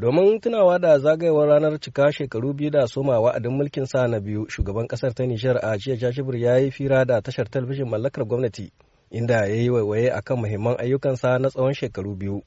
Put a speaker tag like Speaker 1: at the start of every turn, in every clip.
Speaker 1: Domin tunawa da zagayewar ranar cika shekaru biyu da soma wa'adin mulkin sa na biyu, shugaban kasar ta Nijar a jiya Jashibir ya yi fira da tashar talabijin mallakar gwamnati, inda ya yi waiwaye akan muhimman ayyukansa na tsawon shekaru biyu.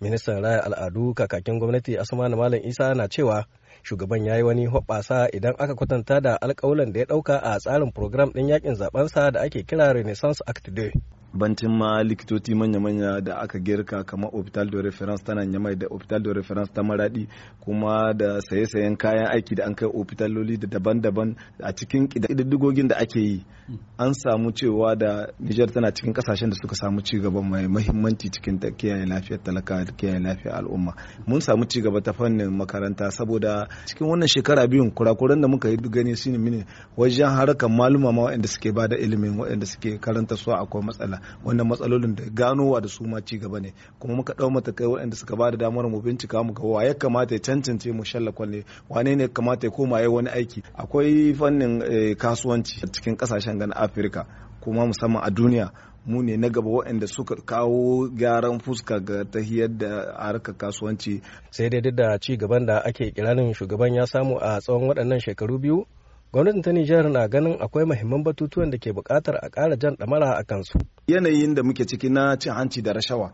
Speaker 1: Ministan raya al'adu kakakin gwamnati na Malam Isa na cewa shugaban ya yi wani hoɓɓasa idan aka kwatanta da alƙawulan da ya ɗauka a tsarin program ɗin yakin zaɓensa da ake kira Renaissance Act Day.
Speaker 2: bancin ma likitoci manya-manya da aka girka kamar hospital de reference ta mai da hospital de reference ta maradi kuma da saye-sayen kayan aiki da an kai hospitaloli da daban-daban a cikin ƙididdigogin da ake yi an samu cewa da Nijar tana cikin kasashen da suka samu cigaba mai mahimmanci cikin ta kiyaye lafiyar talaka da kiyaye lafiyar al'umma mun samu ci gaba ta fannin makaranta saboda cikin wannan shekara biyun kurakuran da muka yi gani shine mini wajen harkar maluma ma waɗanda suke bada ilimin waɗanda suke karanta su akwai matsala wannan matsalolin da ganowa da su ma ci gaba ne kuma muka dau kai waɗanda suka ba da damar mu bincika mu ga wa ya kamata ya cancance mu shallakon ne wane ne kamata ya koma ya wani aiki akwai fannin eh, kasuwanci cikin kasashen gan Afirka kuma musamman a duniya mu ne na gaba waɗanda suka kawo gyaran fuska ga tahiyar da harkar kasuwanci sai dai
Speaker 1: duk da ci gaban da ake kiranin shugaban ya samu a tsawon waɗannan shekaru biyu gwamnatin ta
Speaker 2: Nijar na ganin akwai mahimman batutuwan da ke buƙatar a ƙara jan ɗamara a kansu. Yanayin da muke ciki na cin hanci da rashawa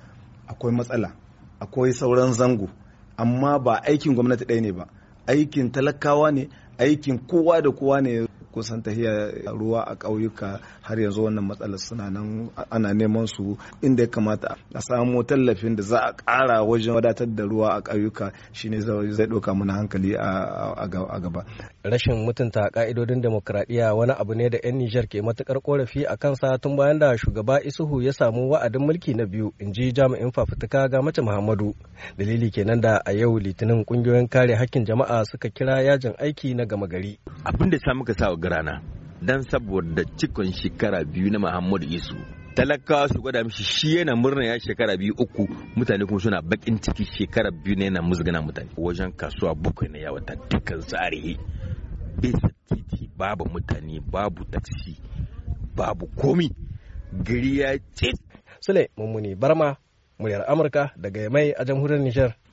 Speaker 2: akwai matsala, akwai sauran zango, amma ba aikin gwamnati ɗaya ne ba, aikin talakawa ne, aikin kowa da kowa ne kusan tahiya ruwa a ƙauyuka har yanzu wannan matsalar suna nan ana neman su inda ya kamata a samu tallafin da za a ƙara wajen wadatar da ruwa a ƙauyuka shine zai ɗauka mana hankali a gaba. Rashin mutunta ƙa'idodin
Speaker 1: demokradiyya wani abu ne da 'yan Nijar ke matukar korafi a kansa tun bayan da shugaba Isuhu ya samu wa'adin mulki na biyu in ji jami'in fafutuka ga mace Muhammadu. Dalili kenan da a yau litinin ƙungiyoyin kare hakkin jama'a suka kira yajin aiki na gama gari. Abin da muka sa
Speaker 3: Grana dan saboda cikon shekara biyu na Muhammadu Isu talakawa su gwada mishi shi yana murna ya shekara biyu uku mutane kuma suna bakin ciki shekara biyu ne yana musgana mutane wajen kasuwa bukwai na yawata dukkan tsarihi bisa titi babu mutane babu taksi babu komi gari ya ce
Speaker 2: sule mummuni barma muryar amurka daga mai a jamhuriyar nijar